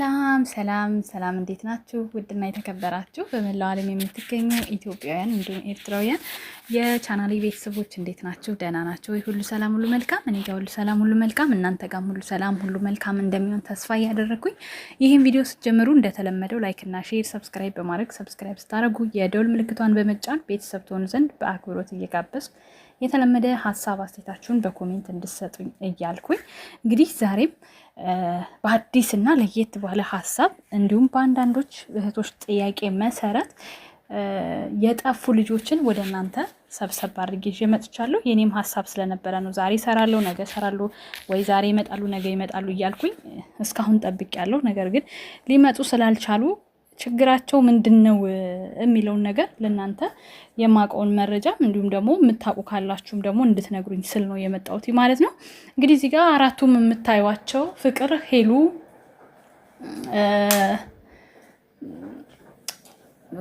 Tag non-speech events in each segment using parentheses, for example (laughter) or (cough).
ሰላም ሰላም ሰላም፣ እንዴት ናችሁ? ውድና የተከበራችሁ በመላው ዓለም የምትገኙ ኢትዮጵያውያን እንዲሁም ኤርትራውያን የቻናሌ ቤተሰቦች እንዴት ናችሁ? ደህና ናችሁ ወይ? ሁሉ ሰላም፣ ሁሉ መልካም። እኔ ጋር ሁሉ ሰላም፣ ሁሉ መልካም። እናንተ ጋም ሁሉ ሰላም፣ ሁሉ መልካም እንደሚሆን ተስፋ እያደረግኩኝ ይህን ቪዲዮ ስትጀምሩ እንደተለመደው ላይክና ሼር፣ ሰብስክራይብ በማድረግ ሰብስክራይብ ስታደርጉ የደውል ምልክቷን በመጫን ቤተሰብ ትሆኑ ዘንድ በአክብሮት እየጋበዝኩ የተለመደ ሀሳብ አስተያየታችሁን በኮሜንት እንድሰጡኝ እያልኩኝ እንግዲህ ዛሬም በአዲስ እና ለየት ባለ ሀሳብ እንዲሁም በአንዳንዶች እህቶች ጥያቄ መሰረት የጠፉ ልጆችን ወደ እናንተ ሰብሰብ አድርጌ ይዤ መጥቻለሁ። የኔም ሀሳብ ስለነበረ ነው ዛሬ እሰራለሁ፣ ነገ እሰራለሁ፣ ወይ ዛሬ ይመጣሉ፣ ነገ ይመጣሉ እያልኩኝ እስካሁን ጠብቄያለሁ። ነገር ግን ሊመጡ ስላልቻሉ ችግራቸው ምንድን ነው የሚለውን ነገር ለእናንተ የማውቀውን መረጃ እንዲሁም ደግሞ የምታውቁ ካላችሁም ደግሞ እንድትነግሩኝ ስል ነው የመጣሁት ማለት ነው። እንግዲህ እዚህ ጋር አራቱም የምታዩቸው ፍቅር፣ ሄሉ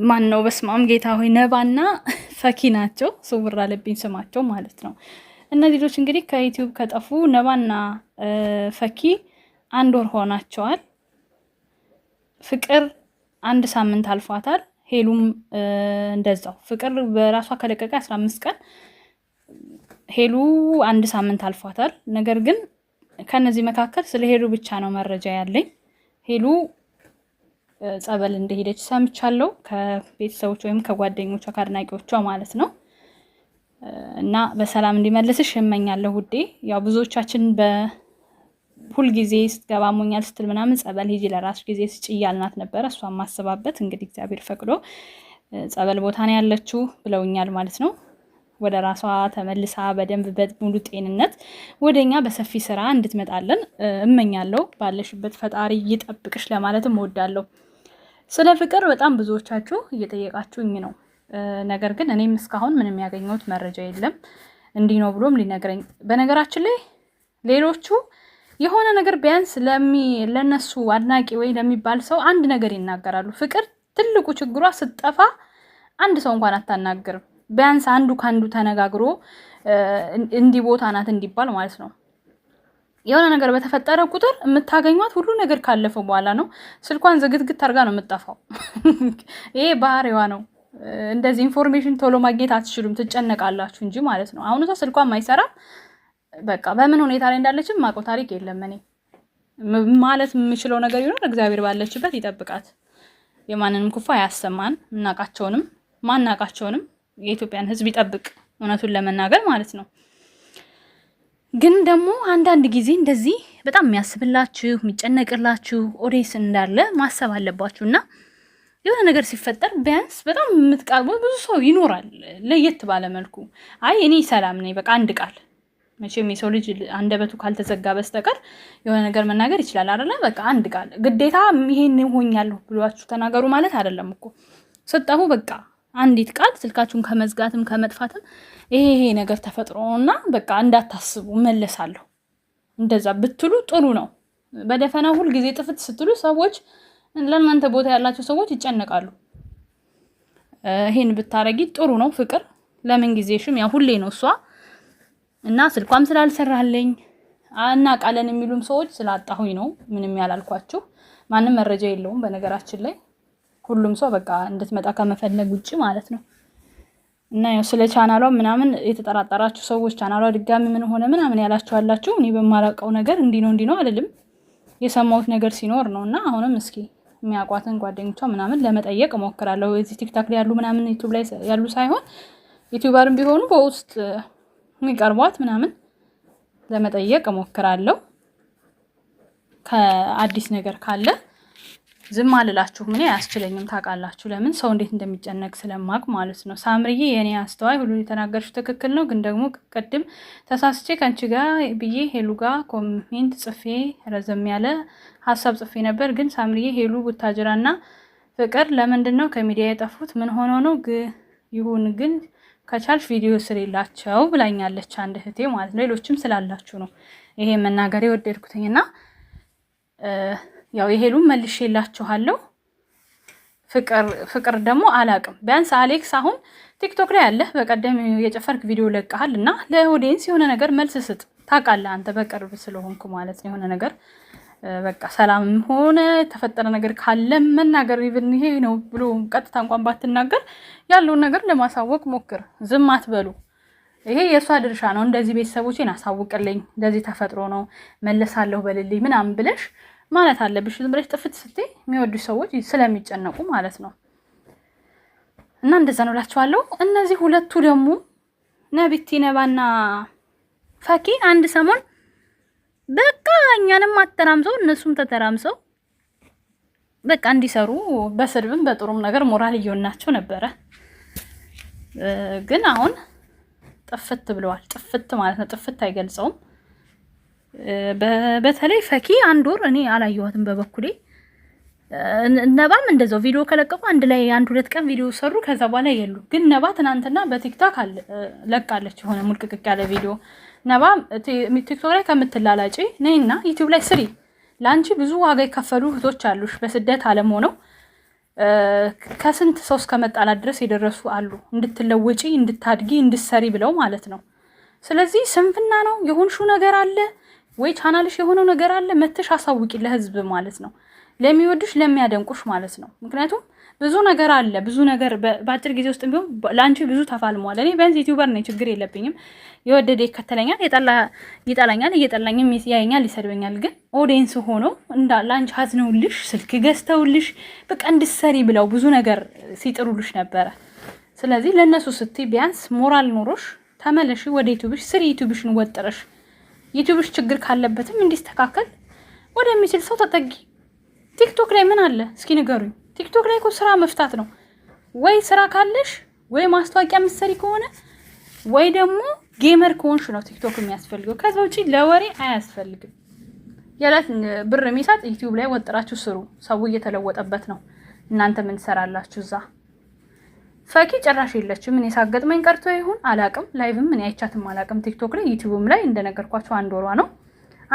ማን ነው? በስማም ጌታ ሆይ ነባና ፈኪ ናቸው። ስውር አለብኝ ስማቸው ማለት ነው። እነዚህ ልጆች እንግዲህ ከዩቲዩብ ከጠፉ ነባና ፈኪ አንድ ወር ሆናቸዋል። ፍቅር አንድ ሳምንት አልፏታል። ሄሉም እንደዛው ፍቅር በራሷ ከለቀቀ አስራ አምስት ቀን ሄሉ አንድ ሳምንት አልፏታል። ነገር ግን ከነዚህ መካከል ስለ ሄሉ ብቻ ነው መረጃ ያለኝ። ሄሉ ጸበል እንደሄደች ሰምቻለሁ ከቤተሰቦች ወይም ከጓደኞቿ ከአድናቂዎቿ ማለት ነው። እና በሰላም እንዲመልስሽ እመኛለሁ ውዴ። ያው ብዙዎቻችን በ ሁልጊዜ ስትገባ ሞኛል ስትል ምናምን ጸበል ሂጂ ለራሱ ጊዜ ስጭ እያልናት ነበረ። እሷ ማስባበት እንግዲህ እግዚአብሔር ፈቅዶ ጸበል ቦታ ነው ያለችው ብለውኛል ማለት ነው። ወደ ራሷ ተመልሳ በደንብ በሙሉ ጤንነት ወደ እኛ በሰፊ ስራ እንድትመጣለን እመኛለሁ። ባለሽበት ፈጣሪ ይጠብቅሽ ለማለትም እወዳለሁ። ስለ ፍቅር በጣም ብዙዎቻችሁ እየጠየቃችሁኝ ነው። ነገር ግን እኔም እስካሁን ምንም ያገኘሁት መረጃ የለም። እንዲህ ነው ብሎም ሊነግረኝ በነገራችን ላይ ሌሎቹ የሆነ ነገር ቢያንስ ለነሱ አድናቂ ወይ ለሚባል ሰው አንድ ነገር ይናገራሉ። ፍቅር ትልቁ ችግሯ ስጠፋ አንድ ሰው እንኳን አታናግርም። ቢያንስ አንዱ ከአንዱ ተነጋግሮ እንዲህ ቦታ ናት እንዲባል ማለት ነው። የሆነ ነገር በተፈጠረ ቁጥር የምታገኟት ሁሉ ነገር ካለፈ በኋላ ነው። ስልኳን ዝግትግት አድርጋ ነው የምጠፋው። ይሄ ባህሪዋ ነው። እንደዚህ ኢንፎርሜሽን ቶሎ ማግኘት አትችሉም፣ ትጨነቃላችሁ እንጂ ማለት ነው። አሁን ሰው ስልኳም አይሰራም። በቃ በምን ሁኔታ ላይ እንዳለችም ማቆ ታሪክ የለም። እኔ ማለት የምችለው ነገር ይኖር እግዚአብሔር ባለችበት ይጠብቃት፣ የማንንም ክፉ አያሰማን። እናቃቸውንም ማናቃቸውንም የኢትዮጵያን ሕዝብ ይጠብቅ። እውነቱን ለመናገር ማለት ነው። ግን ደግሞ አንዳንድ ጊዜ እንደዚህ በጣም የሚያስብላችሁ የሚጨነቅላችሁ ኦዴስ እንዳለ ማሰብ አለባችሁ እና የሆነ ነገር ሲፈጠር ቢያንስ በጣም የምትቀርበው ብዙ ሰው ይኖራል። ለየት ባለ መልኩ አይ እኔ ሰላም ነኝ በቃ አንድ ቃል መቼም የሰው ልጅ አንደበቱ ካልተዘጋ በስተቀር የሆነ ነገር መናገር ይችላል አይደለ? በቃ አንድ ቃል ግዴታ ይሄን ሆኛለሁ ብሏችሁ ተናገሩ ማለት አይደለም እኮ ስጠፉ በቃ አንዲት ቃል ስልካችሁን ከመዝጋትም ከመጥፋትም ይሄ ይሄ ነገር ተፈጥሮ እና በቃ እንዳታስቡ መለሳለሁ እንደዛ ብትሉ ጥሩ ነው። በደፈና ሁልጊዜ ጥፍት ስትሉ ሰዎች ለእናንተ ቦታ ያላቸው ሰዎች ይጨነቃሉ። ይሄን ብታረጊ ጥሩ ነው። ፍቅር ለምን ጊዜሽም ያ ሁሌ ነው እሷ እና ስልኳም ስላልሰራልኝ እና ቃለን የሚሉም ሰዎች ስላጣሁኝ ነው ምንም ያላልኳችሁ። ማንም መረጃ የለውም በነገራችን ላይ ሁሉም ሰው በቃ እንድትመጣ ከመፈለግ ውጭ ማለት ነው። እና ያው ስለ ቻናሏ ምናምን የተጠራጠራችሁ ሰዎች ቻናሏ ድጋሚ ምን ሆነ ምናምን ያላችኋላችሁ፣ እኔ በማላውቀው ነገር እንዲህ ነው እንዲህ ነው አልልም። የሰማሁት ነገር ሲኖር ነው እና አሁንም እስኪ የሚያውቋትን ጓደኞቿ ምናምን ለመጠየቅ እሞክራለሁ። እዚህ ቲክታክ ላይ ያሉ ምናምን ዩቱብ ላይ ያሉ ሳይሆን ዩቱበርም ቢሆኑ በውስጥ የሚቀርቧት ምናምን ለመጠየቅ እሞክራለሁ። ከአዲስ ነገር ካለ ዝም አልላችሁ። ምን አያስችለኝም። ታውቃላችሁ ለምን ሰው እንዴት እንደሚጨነቅ ስለማቅ ማለት ነው። ሳምርዬ የእኔ አስተዋይ ሁሉን የተናገርሽ ትክክል ነው፣ ግን ደግሞ ቅድም ተሳስቼ ከንቺ ጋር ብዬ ሄሉ ጋር ኮሜንት ጽፌ ረዘም ያለ ሀሳብ ጽፌ ነበር። ግን ሳምርዬ ሄሉ ቡታጅራና ፍቅር ለምንድን ነው ከሚዲያ የጠፉት? ምን ሆኖ ነው? ይሁን ግን ከቻልሽ ቪዲዮ ስሪላቸው ብላኛለች፣ አንድ እህቴ ማለት ነው። ሌሎችም ስላላችሁ ነው ይሄ መናገር የወደድኩትኝና ያው የሄሉን መልሼላችኋለሁ። ፍቅር ደግሞ አላቅም። ቢያንስ አሌክስ አሁን ቲክቶክ ላይ ያለህ በቀደም የጨፈርክ ቪዲዮ ለቀሃል እና ለኦዲየንስ የሆነ ነገር መልስ ስጥ። ታውቃለህ አንተ በቅርብ ስለሆንኩ ማለት ነው የሆነ ነገር በቃ ሰላምም ሆነ የተፈጠረ ነገር ካለ መናገር ይብን ይሄ ነው ብሎ ቀጥታ እንኳን ባትናገር ያለውን ነገር ለማሳወቅ ሞክር። ዝም አትበሉ። ይሄ የእሷ ድርሻ ነው። እንደዚህ ቤተሰቦቼን አሳውቅልኝ፣ እንደዚህ ተፈጥሮ ነው መለሳለሁ በልልኝ ምናምን ብለሽ ማለት አለብሽ። ዝም ብለሽ ጥፍት ስትይ የሚወዱ ሰዎች ስለሚጨነቁ ማለት ነው። እና እንደዛ ነው እላችኋለሁ። እነዚህ ሁለቱ ደግሞ ነቢቲ ነባና ፈኪ አንድ ሰሞን በቃ እኛንም አተራምሰው እነሱም ተተራምሰው በቃ እንዲሰሩ በስድብም በጥሩም ነገር ሞራል እየሆናቸው ነበረ። ግን አሁን ጥፍት ብለዋል። ጥፍት ማለት ነው። ጥፍት አይገልጸውም። በተለይ ፈኪ አንድ ወር እኔ አላየኋትም በበኩሌ። ነባም እንደዛው ቪዲዮ ከለቀቁ አንድ ላይ አንድ ሁለት ቀን ቪዲዮ ሰሩ፣ ከዛ በኋላ የሉ። ግን ነባ ትናንትና በቲክታክ ለቃለች የሆነ ሙልቅቅቅ ያለ ቪዲዮ ነባ ቲክቶክ ላይ ከምትላላጪ ነይና ዩቲዩብ ላይ ስሪ። ለአንቺ ብዙ ዋጋ የከፈሉ እህቶች አሉሽ። በስደት ዓለም ሆነው ከስንት ሰው እስከ መጣላት ድረስ የደረሱ አሉ። እንድትለውጪ እንድታድጊ፣ እንድትሰሪ ብለው ማለት ነው። ስለዚህ ስንፍና ነው የሆንሹ ነገር አለ ወይ ቻናልሽ የሆነው ነገር አለ መተሽ አሳውቂ ለህዝብ ማለት ነው። ለሚወዱሽ ለሚያደንቁሽ ማለት ነው። ምክንያቱም ብዙ ነገር አለ። ብዙ ነገር በአጭር ጊዜ ውስጥ ቢሆን ለአንቺ ብዙ ተፋልሟል። እኔ ቢያንስ ዩቲዩበር ነኝ፣ ችግር የለብኝም። የወደደ ይከተለኛል፣ ይጠላኛል፣ እየጠላኝም ያየኛል፣ ይሰድበኛል። ግን ኦዲየንስ ሆኖ ለአንቺ አዝነውልሽ ስልክ ገዝተውልሽ በቃ እንድትሰሪ ብለው ብዙ ነገር ሲጥሩልሽ ነበረ። ስለዚህ ለእነሱ ስትይ ቢያንስ ሞራል ኖሮሽ ተመለሽ ወደ ዩቱብሽ ስሪ። ዩቱብሽን ወጥረሽ ዩቱብሽ ችግር ካለበትም እንዲስተካከል ወደሚችል ሰው ተጠጊ። ቲክቶክ ላይ ምን አለ እስኪ ንገሩኝ። ቲክቶክ ላይ እኮ ስራ መፍታት ነው ወይ ስራ ካለሽ ወይ ማስታወቂያ ምሰሪ ከሆነ ወይ ደግሞ ጌመር ከሆንሽ ነው ቲክቶክ የሚያስፈልገው። ከዛ ውጪ ለወሬ አያስፈልግም። የዕለት ብር የሚሰጥ ዩቲዩብ ላይ ወጥራችሁ ስሩ። ሰው እየተለወጠበት ነው። እናንተ ምን ትሰራላችሁ እዛ? ፈኪ ጭራሽ የለችም። እኔ ሳገጥመኝ ቀርቶ ይሁን አላቅም። ላይቭም እኔ አይቻትም አላቅም ቲክቶክ ላይ ዩቲዩብም ላይ እንደነገርኳቸው አንድ ወሯ ነው።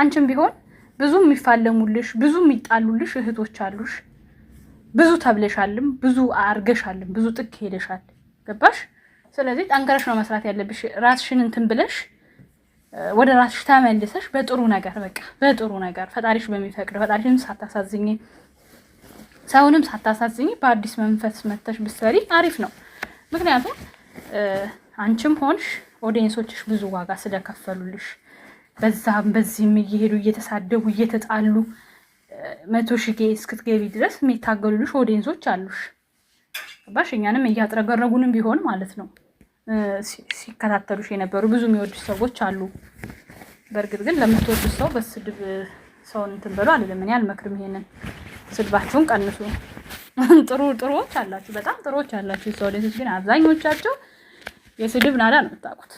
አንቺም ቢሆን ብዙ የሚፋለሙልሽ ብዙ የሚጣሉልሽ እህቶች አሉሽ። ብዙ ተብለሻልም፣ ብዙ አርገሻልም፣ ብዙ ጥክ ሄደሻል። ገባሽ? ስለዚህ ጠንከረሽ ነው መስራት ያለብሽ። ራስሽን እንትን ብለሽ ወደ ራስሽ ተመልሰሽ በጥሩ ነገር በቃ በጥሩ ነገር ፈጣሪሽ በሚፈቅድ ፈጣሪሽን ሳታሳዝኝ ሰውንም ሳታሳዝኝ በአዲስ መንፈስ መተሽ ብትሰሪ አሪፍ ነው። ምክንያቱም አንቺም ሆንሽ ኦዲየንሶችሽ ብዙ ዋጋ ስለከፈሉልሽ በዛም በዚህም እየሄዱ እየተሳደቡ እየተጣሉ መቶ ሽጌ እስክትገቢ ድረስ የሚታገሉልሽ ኦዲየንሶች አሉሽ። ባሽ እኛንም እያጥረገረጉንም ቢሆን ማለት ነው ሲከታተሉሽ የነበሩ ብዙ የሚወዱ ሰዎች አሉ። በእርግጥ ግን ለምትወዱ ሰው በስድብ ሰውን እንትን በሉ አልልም፣ እኔ አልመክርም። ይሄንን ስድባችሁን ቀንሱ። (laughs) ጥሩ ጥሩዎች አላችሁ፣ በጣም ጥሩዎች አላችሁ። ሰው ግን አብዛኞቻቸው የስድብ ናዳ ነው የምታውቁት።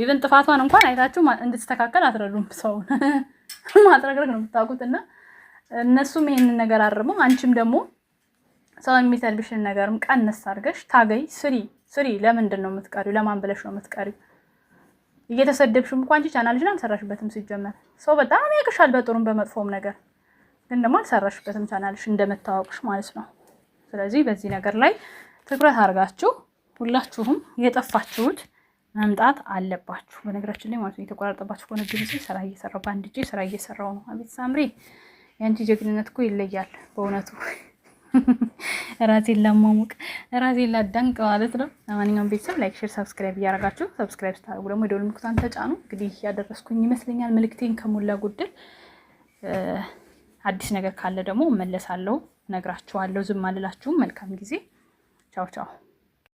ኢቨን ጥፋቷን እንኳን አይታችሁ እንድትስተካከል አትረዱም። ሰውን (laughs) ማጥረግረግ ነው የምታውቁት። እና እነሱም ይሄንን ነገር አርመው አንቺም ደግሞ ሰው የሚሰልብሽን ነገርም ቀነስ አድርገሽ ታገይ ስሪ ስሪ። ለምንድን ነው የምትቀሪው? ለማን ብለሽ ነው የምትቀሪው? እየተሰደብሽም እንኳ አንቺ ቻናልሽን አልሰራሽበትም። ሲጀመር ሰው በጣም ያቅሻል፣ በጥሩም በመጥፎም ነገር ግን ደግሞ አልሰራሽበትም ቻናልሽ እንደመታወቅሽ ማለት ነው። ስለዚህ በዚህ ነገር ላይ ትኩረት አድርጋችሁ ሁላችሁም የጠፋችሁት መምጣት አለባችሁ። በነገራችን ላይ ማለት ነው የተቆራረጠባችሁ ከሆነ ጊዜ ስራ እየሰራው በአንድ እጄ ስራ እየሰራው ነው። አቤት ሳምሪ፣ የአንቺ ጀግንነት እኮ ይለያል በእውነቱ። (laughs) ራሴን ላሟሙቅ ራሴን ላዳንቅ ማለት ነው። ለማንኛውም ቤተሰብ ላይክ፣ ሼር፣ ሰብስክራይብ እያደረጋችሁ ሰብስክራይብ ስታደርጉ ደግሞ የደወል ምልክቱን ተጫኑ። እንግዲህ ያደረስኩኝ ይመስለኛል መልክቴን ከሞላ ጎደል። አዲስ ነገር ካለ ደግሞ መለሳለሁ፣ ነግራችኋለሁ። ዝም አልላችሁም። መልካም ጊዜ። ቻው ቻው